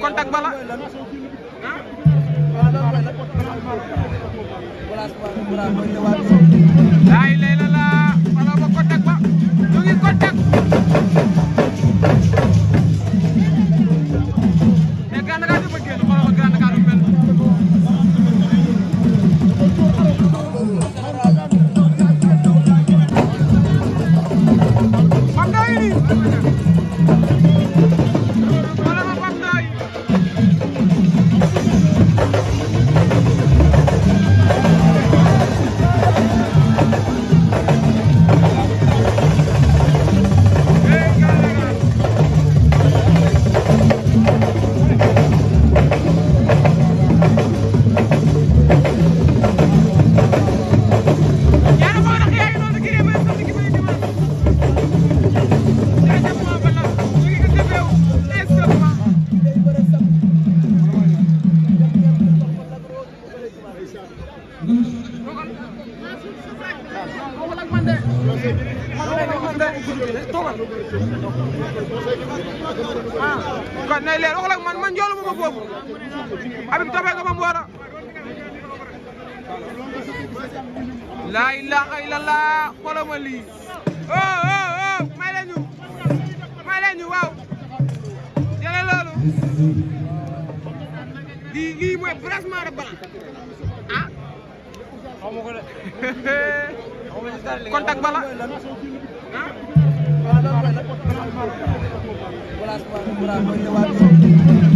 contact bala la ilaha illallah ah kon nay leer waxal ak man man njoolu ma ko foofu Habib toppee ko ba mu war a. laa ilaaha ma lii oh oh oh may leen ñu may leen ñu waaw jëlee loolu lii lii mooy placement de ballon ah.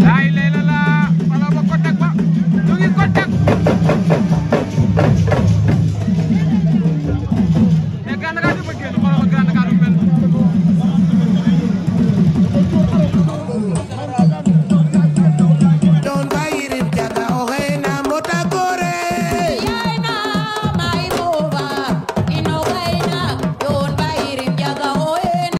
Ay leela la wala ba contact ba ñu ngi contact